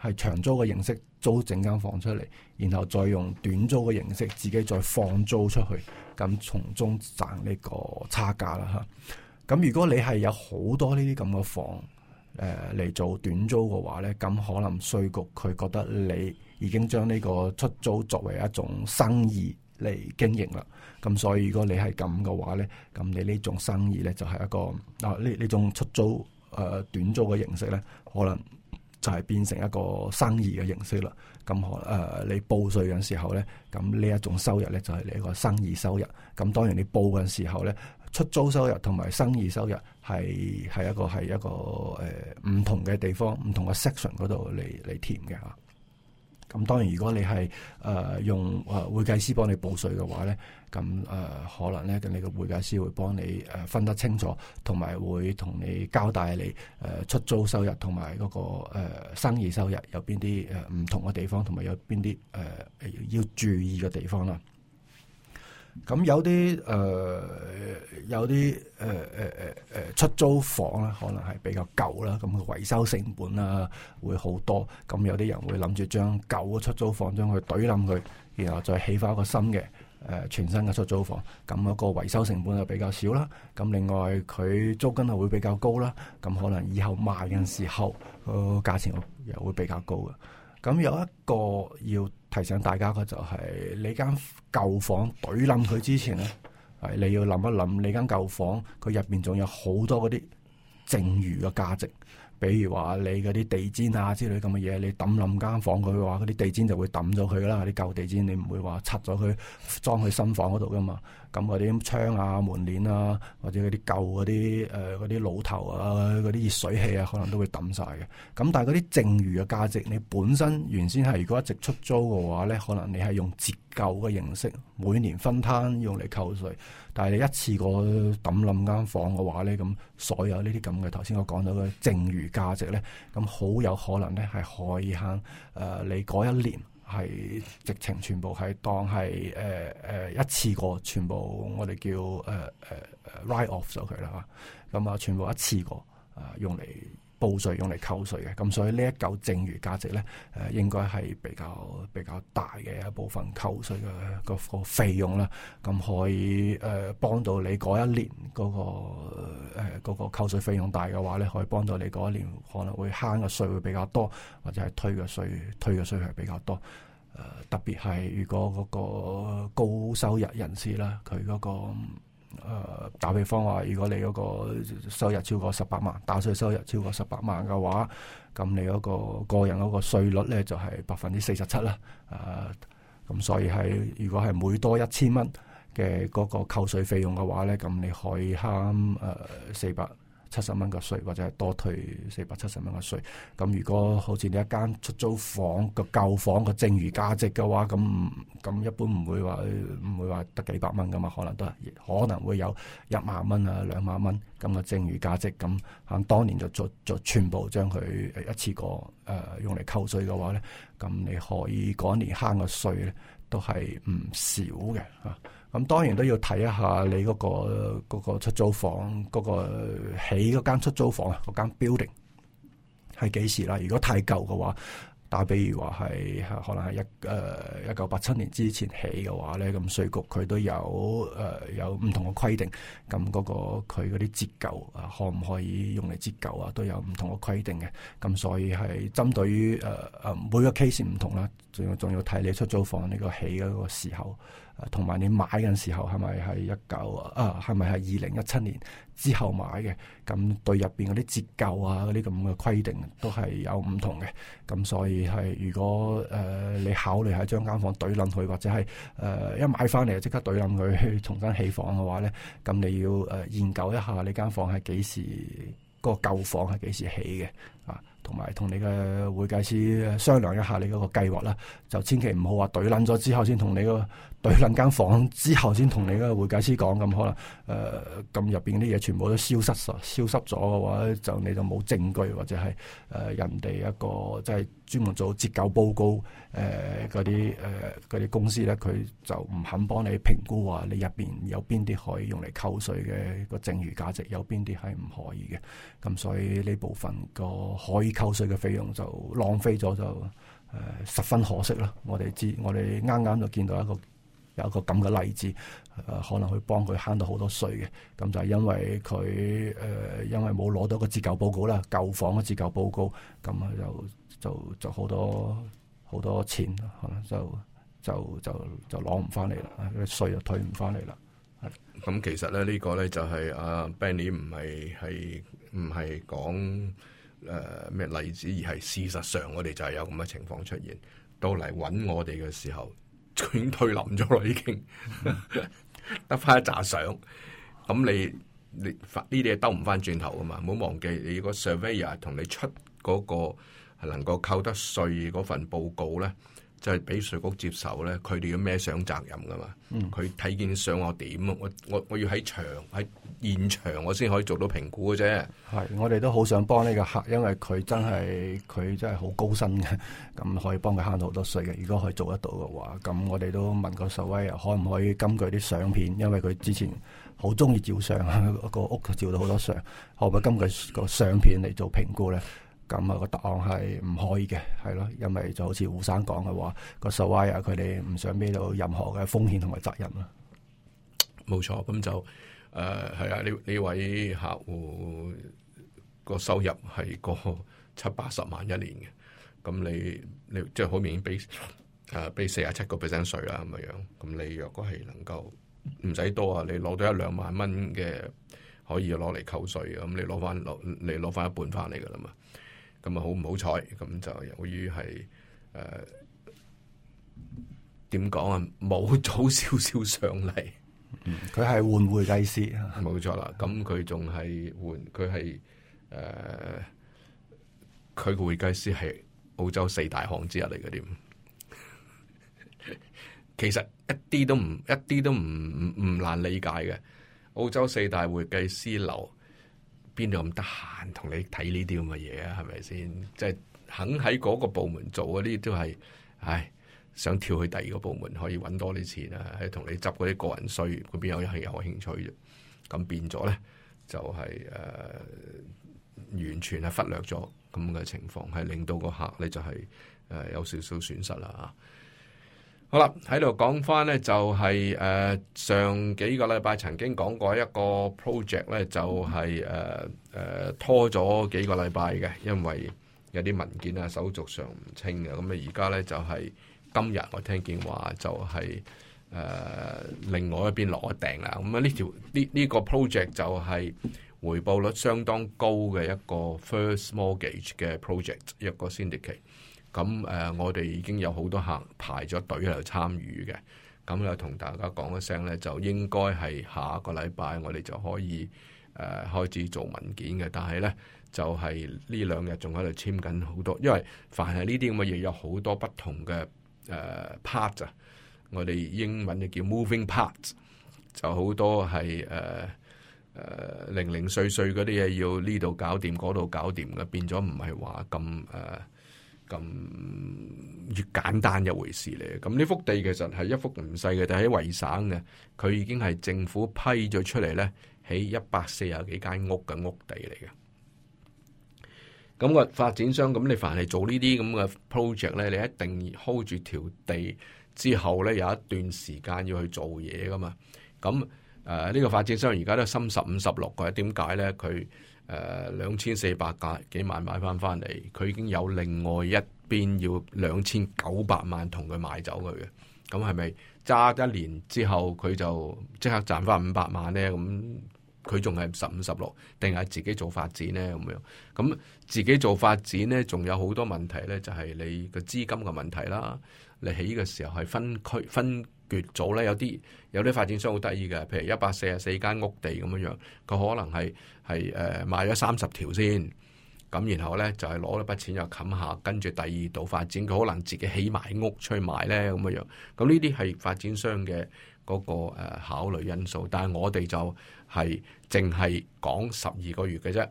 係長租嘅形式租整間房出嚟，然後再用短租嘅形式自己再放租出去，咁從中賺呢個差價啦。嚇咁如果你係有好多呢啲咁嘅房誒嚟、呃、做短租嘅話咧，咁可能稅局佢覺得你已經將呢個出租作為一種生意嚟經營啦。咁所以如果你係咁嘅話咧，咁你呢種生意咧就係、是、一個啊呢呢種出租誒、呃、短租嘅形式咧，可能就係變成一個生意嘅形式啦。咁可誒你報稅嘅時候咧，咁呢一種收入咧就係、是、你一個生意收入。咁當然你報嘅時候咧，出租收入同埋生意收入係係一個係一個誒唔、呃、同嘅地方、唔同嘅 section 嗰度嚟嚟填嘅吓。咁當然如果你係誒、呃、用誒、呃、會計師幫你報稅嘅話咧。咁誒、呃、可能咧，咁你個會計師會幫你誒、呃、分得清楚，同埋會同你交代你誒、呃、出租收入同埋嗰個、呃、生意收入有邊啲誒唔同嘅地方，同埋有邊啲誒要注意嘅地方啦。咁有啲誒、呃、有啲誒誒誒誒出租房咧，可能係比較舊啦，咁佢維修成本啦、啊、會好多，咁有啲人會諗住將舊嘅出租房將佢懟冧佢，然後再起翻一個新嘅。誒全新嘅出租房，咁、那、嗰個維修成本就比較少啦。咁另外佢租金又會比較高啦。咁可能以後賣嘅時候，個、呃、價錢又會比較高嘅。咁有一個要提醒大家嘅就係、是，你間舊房懟冧佢之前咧，係你要諗一諗，你間舊房佢入邊仲有好多嗰啲剩餘嘅價值。比如話你嗰啲地氈啊之類咁嘅嘢，你抌冧間房佢嘅話，嗰啲地氈就會抌咗佢啦。啲舊地氈你唔會話拆咗佢裝去新房嗰度㗎嘛。咁嗰啲窗啊、門簾啊，或者嗰啲舊嗰啲誒嗰啲老頭啊、嗰啲熱水器啊，可能都會抌晒嘅。咁但係嗰啲剩餘嘅價值，你本身原先係如果一直出租嘅話咧，可能你係用折舊嘅形式每年分攤用嚟扣稅。但係你一次過抌冧間房嘅話咧，咁所有呢啲咁嘅頭先我講到嘅剩餘價值咧，咁好有可能咧係可以慳、呃、你嗰一年。係直情全部係當係誒誒一次過全部我哋叫誒誒誒 write off 咗佢啦吓，咁啊全部一次過啊、呃、用嚟。報稅用嚟扣稅嘅，咁所以呢一嚿剩餘價值咧，誒應該係比較比較大嘅一部分扣稅嘅個個費用啦。咁可以誒、呃、幫到你嗰一年嗰、嗰個誒、呃那個、扣稅費用大嘅話咧，可以幫到你嗰一年可能會慳嘅稅會比較多，或者係退嘅稅退嘅稅係比較多。誒、呃、特別係如果嗰個高收入人士啦，佢嗰、嗰個。誒、呃，打比方話，如果你嗰個收入超過十八萬，打稅收入超過十八萬嘅話，咁你嗰個個人嗰個稅率咧就係百分之四十七啦。誒，咁、呃、所以係如果係每多一千蚊嘅嗰個扣稅費用嘅話咧，咁你可以慳誒四百。呃七十蚊嘅稅，或者係多退四百七十蚊嘅稅。咁如果好似你一間出租房個舊房個剩餘價值嘅話，咁咁一般唔會話唔會話得幾百蚊咁嘛，可能都係可能會有一萬蚊啊、兩萬蚊咁嘅剩餘價值。咁當年就做做全部將佢一次過誒、呃、用嚟扣稅嘅話咧，咁你可以嗰年慳個稅咧都係唔少嘅嚇。啊咁當然都要睇一下你嗰、那個那個出租房嗰、那個起嗰間出租房啊，嗰間 building 係幾時啦？如果太舊嘅話，打比如話係可能係一誒一九八七年之前起嘅話咧，咁稅局佢都有誒、呃、有唔同嘅規定。咁嗰、那個佢嗰啲折舊啊，可唔可以用嚟折舊啊？都有唔同嘅規定嘅。咁所以係針對於誒誒、呃、每個 case 唔同啦，仲要仲要睇你出租房呢、這個起嗰個時候。同埋你買嘅時候係咪係一九啊？係咪係二零一七年之後買嘅？咁對入面嗰啲折舊啊，嗰啲咁嘅規定都係有唔同嘅。咁所以係如果誒你考慮係將間房兌撚佢，或者係、啊、一買翻嚟就即刻兌撚佢去重新起房嘅話咧，咁你要誒研究一下你間房係幾時、嗰個舊房係幾時起嘅啊？同埋同你嘅會計師商量一下你嗰個計劃啦。就千祈唔好話兌撚咗之後先同你、嗰個對，兩間房之後先同你個會計師講，咁可能誒咁入邊啲嘢全部都消失曬，消失咗嘅話就你就冇證據或者係誒、呃、人哋一個即係專門做折舊報告誒嗰啲誒啲公司咧，佢就唔肯幫你評估話你入邊有邊啲可以用嚟扣稅嘅個剩餘價值，有邊啲係唔可以嘅。咁所以呢部分個可以扣稅嘅費用就浪費咗，就、呃、誒十分可惜咯。我哋知我哋啱啱就見到一個。有個咁嘅例子、呃，可能去幫佢慳到好多稅嘅，咁就係因為佢誒、呃、因為冇攞到個折舊報告啦，舊房嘅折舊報告，咁佢就就就好多好多錢，可、嗯、能就就就就攞唔翻嚟啦，啲稅又退唔翻嚟啦。係。咁其實咧呢、呢個咧就係啊 Benny 唔係唔係講咩例子，而係事實上我哋就係有咁嘅情況出現，到嚟揾我哋嘅時候。全退冧咗咯，已經得翻一扎相。咁你你呢啲係兜唔翻轉頭噶嘛？唔好忘記你個 surveyor 同你出嗰個係能夠扣得稅，嗰份報告咧。就係俾稅局接受咧，佢哋要孭上責，責任噶嘛。佢、嗯、睇見相我點啊？我我我要喺場喺現場，我先可以做到評估嘅啫。係，我哋都好想幫呢個客，因為佢真係佢真係好高薪嘅，咁可以幫佢慳到好多稅嘅。如果可以做得到嘅話，咁我哋都問過守威，可唔可以根據啲相片？因為佢之前好中意照相啊，個 屋照到好多相，可唔可以根據個相片嚟做評估咧？咁啊，個答案係唔可以嘅，係咯，因為就好似胡生講嘅話，個壽啊，佢哋唔想俾到任何嘅風險同埋責任啦。冇錯，咁就誒係啊呢呢位客戶個收入係個七八十萬一年嘅，咁你你即係好明顯俾誒俾四十七個 percent 稅啦，咁、呃、嘅樣。咁你若果係能夠唔使多啊，你攞到一兩萬蚊嘅，可以攞嚟扣稅，咁你攞翻攞你攞翻一半翻嚟噶啦嘛。咁啊，好唔好彩？咁就由於係誒點講啊，冇早少少上嚟，佢、嗯、係換會計師。冇、嗯、錯啦，咁佢仲係換，佢係誒佢會計師係澳洲四大行之一嚟嘅點？ 其實一啲都唔一啲都唔唔難理解嘅，澳洲四大會計師樓。邊度咁得閒同你睇呢啲咁嘅嘢啊？係咪先？即係肯喺嗰個部門做嗰啲，都係唉，想跳去第二個部門可以揾多啲錢啊！係同你執嗰啲個人稅，佢邊有興有興趣嘅啊，咁變咗咧，就係誒完全係忽略咗咁嘅情況，係令到個客咧就係誒有少少損失啦啊！好啦，喺度講翻呢就係誒上幾個禮拜曾經講過一個 project 呢就係誒誒拖咗幾個禮拜嘅，因為有啲文件啊手續上唔清嘅，咁啊而家呢，就係今日我聽見話就係誒另外一邊攞訂啦，咁啊呢條呢呢個 project 就係回報率相當高嘅一個 first mortgage 嘅 project，一個 syndicate。咁誒、呃，我哋已經有好多客排咗隊喺度參與嘅，咁又同大家講一聲呢，就應該係下個禮拜我哋就可以誒、呃、開始做文件嘅。但係呢，就係、是、呢兩日仲喺度簽緊好多，因為凡係呢啲咁嘅嘢，有好多不同嘅誒 part 啊。呃、parts，我哋英文就叫 moving parts，就好多係誒誒零零碎碎嗰啲嘢要呢度搞掂，嗰度搞掂嘅，變咗唔係話咁誒。呃咁越簡單一回事嚟。咁呢幅地其實係一幅唔細嘅，但喺維省嘅，佢已經係政府批咗出嚟咧，起一百四十幾間屋嘅屋地嚟嘅。咁個發展商咁，你凡係做呢啲咁嘅 project 咧，你一定 hold 住條地之後咧，有一段時間要去做嘢噶嘛。咁誒呢個發展商而家都深十五十六嘅，點解咧？佢誒、呃，兩千四百幾萬買翻翻嚟，佢已經有另外一邊要兩千九百萬同佢買走佢嘅，咁係咪揸一年之後佢就即刻賺翻五百萬呢？咁佢仲係十五十六，定係自己做發展呢？咁樣，咁自己做發展呢？仲有好多問題呢，就係、是、你個資金嘅問題啦，你起嘅時候係分區分。越早咧，有啲有啲發展商好得意嘅，譬如一百四十四間屋地咁樣樣，佢可能係係誒，賣咗三十條先，咁然後咧就係攞咗筆錢又冚下，跟住第二度發展，佢可能自己起埋屋出去賣咧咁樣樣，咁呢啲係發展商嘅嗰、那個、呃、考慮因素，但係我哋就係淨係講十二個月嘅啫，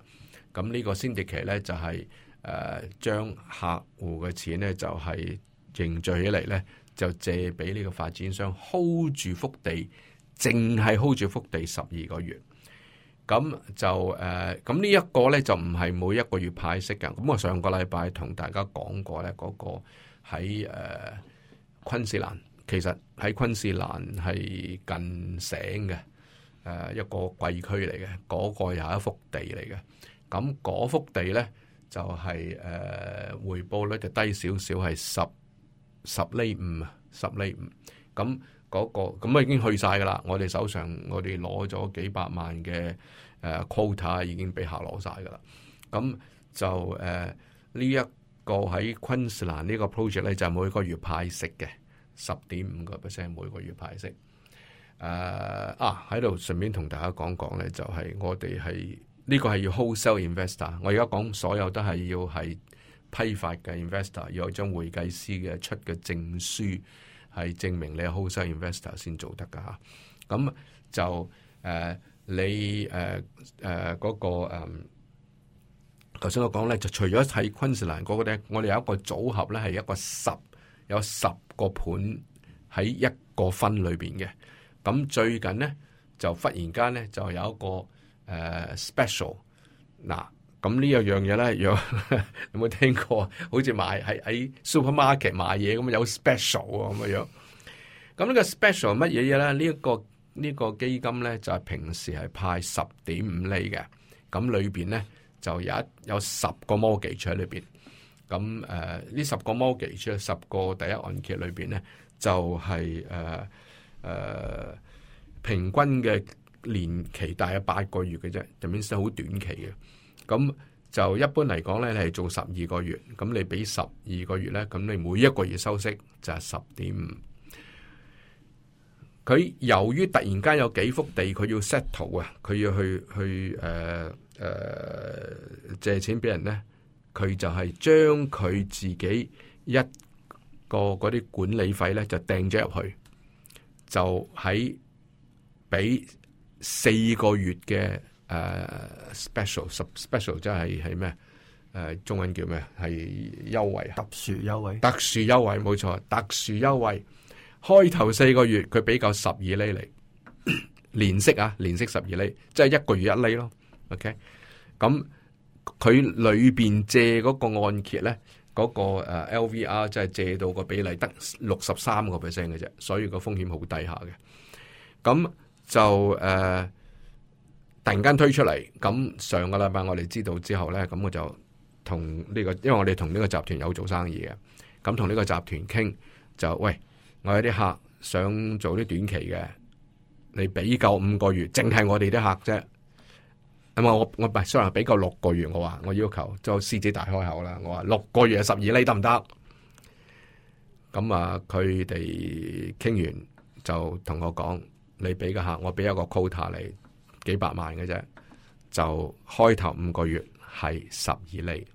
咁呢個 syndicate 咧就係、是、誒、呃、將客戶嘅錢咧就係、是、凝聚起嚟咧。就借俾呢個發展商 hold 住幅地，淨係 hold 住幅地十二個月，咁就誒，咁、呃、呢一個咧就唔係每一個月派息嘅。咁我上個禮拜同大家講過咧，嗰、那個喺誒、呃、昆士蘭，其實喺昆士蘭係近醒嘅，誒、呃、一個貴區嚟嘅，嗰、那個又係一幅地嚟嘅。咁嗰幅地咧就係、是、誒、呃、回報率就低少少，係十。十厘五啊，十厘五咁嗰、那個咁啊已經去晒噶啦！我哋手上我哋攞咗幾百萬嘅誒 quota 已經俾客攞晒噶啦。咁就誒呢一個喺昆士蘭呢個 project 咧就每個月派息嘅十點五個 percent 每個月派息。誒、呃、啊喺度順便同大家講講咧，就、這、係、個、我哋係呢個係要 wholesale investor。我而家講所有都係要係。批發嘅 investor 有一張會計師嘅出嘅證書係證明你係 wholesale investor 先做得噶吓，咁、嗯、就誒、呃、你誒誒嗰個嗯頭先我講咧就除咗睇昆士蘭嗰、那個咧，我哋有一個組合咧係一個十有十個盤喺一個分裏邊嘅，咁、嗯、最近咧就忽然間咧就有一個誒、呃、special 嗱。咁呢一樣嘢咧，有有冇聽過？好似買喺喺 supermarket 買嘢咁，有 special 咁樣。咁、那、呢個 special 乜嘢嘢咧？呢、這、一個呢、這個基金咧就係、是、平時係派十點五厘嘅。咁裏面咧就有一有十個 mortgage 喺裏面。咁呢十個 mortgage 喺十個第一按揭裏面咧，就係、是呃呃、平均嘅年期大約八個月嘅啫，就變成好短期嘅。咁就一般嚟講咧，你係做十二個月。咁你俾十二個月咧，咁你每一個月收息就係十點五。佢由於突然間有幾幅地，佢要 set 圖啊，佢要去去誒誒、uh, uh, 借錢俾人咧，佢就係將佢自己一個嗰啲管理費咧，就掟咗入去，就喺俾四個月嘅。誒、uh，special，special 即係係咩？誒，uh, 中文叫咩？係優惠啊，特殊優惠，特殊優惠，特殊優惠冇錯，特殊優惠。開頭四個月佢俾夠十二厘嚟，年 息啊，年息十二厘，即係一個月一厘咯。OK，咁、嗯、佢裏邊借嗰個按揭咧，嗰、那個誒 LVR 即係借到個比例得六十三個 percent 嘅啫，所以個風險好低下嘅。咁、嗯、就誒。Uh, 突然間推出嚟，咁上個禮拜我哋知道之後咧，咁我就同呢個，因為我哋同呢個集團有做生意嘅，咁同呢個集團傾就喂，我有啲客想做啲短期嘅，你俾夠五個月，淨係我哋啲客啫。咁啊，我我唔係，雖然係俾夠六個月，我話我要求就獅子大開口啦，我話六個月啊十二厘得唔得？咁啊，佢哋傾完就同我講，你俾個客，我俾一個 quota 你。幾百萬嘅啫，就開頭五個月係十二厘，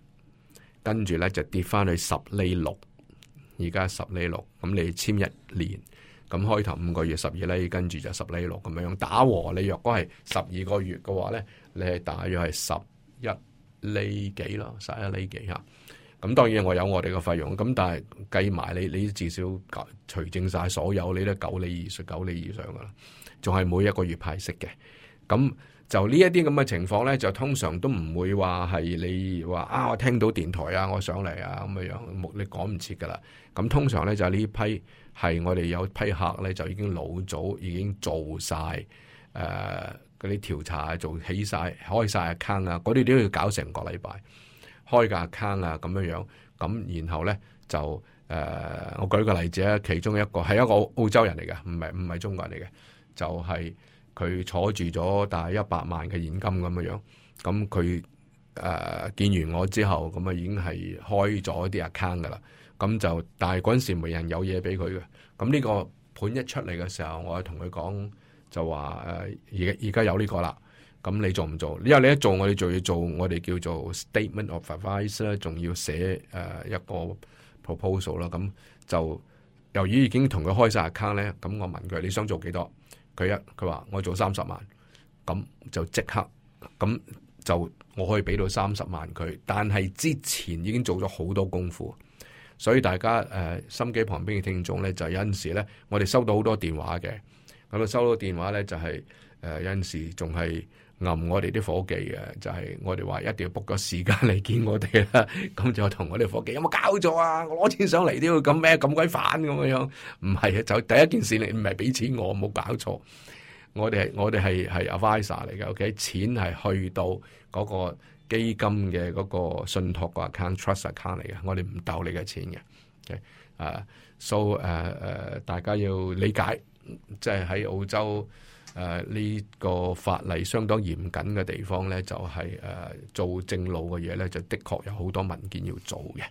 跟住咧就跌翻去十厘六，而家十厘六，咁你簽一年，咁開頭五個月十二厘，跟住就十厘六咁樣樣打和你，若果係十二個月嘅話咧，你係大約係十一厘幾咯，十一厘幾吓，咁當然我有我哋嘅費用，咁但係計埋你，你至少除淨晒所有，你都九厘以上，九厘以上噶啦，仲係每一個月派息嘅。咁就呢一啲咁嘅情況咧，就通常都唔會話係你話啊，我聽到電台啊，我上嚟啊咁嘅樣，你趕唔切噶啦。咁通常咧就呢批係我哋有批客咧，就已經老早已經做晒誒嗰啲調查，做起晒開晒 account 啊，嗰啲都要搞成個禮拜開架 account 啊咁樣樣。咁然後咧就誒、呃，我舉個例子啊，其中一個係一個澳洲人嚟嘅，唔係唔係中國人嚟嘅，就係、是。佢坐住咗，大一百萬嘅現金咁樣樣，咁佢誒見完我之後，咁啊已經係開咗啲 account 噶啦，咁就但係嗰陣時冇人有嘢俾佢嘅，咁呢個盤一出嚟嘅時候，我就同佢講就話誒而而家有呢個啦，咁你做唔做？因為你一做，我哋仲要做我哋叫做 statement of advice 咧，仲要寫誒一個 proposal 啦，咁就由於已經同佢開晒 account 咧，咁我問佢你想做幾多？佢一佢話我做三十萬，咁就即刻，咁就我可以俾到三十萬佢，但係之前已經做咗好多功夫，所以大家誒、呃、心機旁邊嘅聽眾咧，就是、有陣時咧，我哋收到好多電話嘅，咁啊收到嘅電話咧就係、是、誒、呃、有陣時仲係。揞我哋啲伙計嘅，就係、是、我哋話一定要 book 個時間嚟見我哋啦。咁 就同我哋伙計有冇搞錯啊？我攞錢上嚟都要咁咩咁鬼煩咁樣？唔係啊，就第一件事你唔係俾錢我冇搞錯。我哋係我哋係係 adviser 嚟嘅，OK？錢係去到嗰個基金嘅嗰個信託 account trust account 嚟嘅，我哋唔鬥你嘅錢嘅。啊、okay? uh，so 誒誒，大家要理解，即係喺澳洲。誒、呃、呢、這個法例相當嚴謹嘅地方咧，就係、是、誒、呃、做正路嘅嘢咧，就的確有好多文件要做嘅。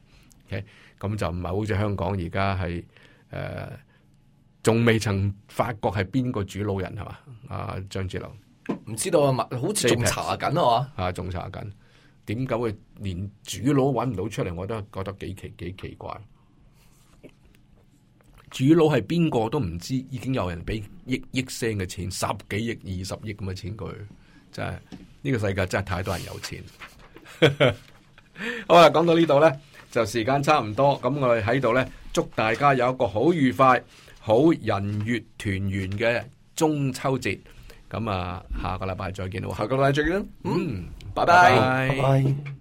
OK，咁就唔係好似香港而家係誒，仲、呃、未曾發覺係邊個主腦人係嘛？阿、啊、張志龍唔知道啊，好似仲查緊啊啊，仲查緊，點解會連主腦揾唔到出嚟？我都覺得幾奇，幾奇怪。主腦係邊個都唔知，已經有人俾億億聲嘅錢，十幾億、二十億咁嘅錢佢，真係呢、這個世界真係太多人有錢。 好啊，講到呢度呢，就時間差唔多，咁我哋喺度呢，祝大家有一個好愉快、好人月團圓嘅中秋節。咁啊，下個禮拜再見咯，下個禮拜再見啦，嗯，拜拜。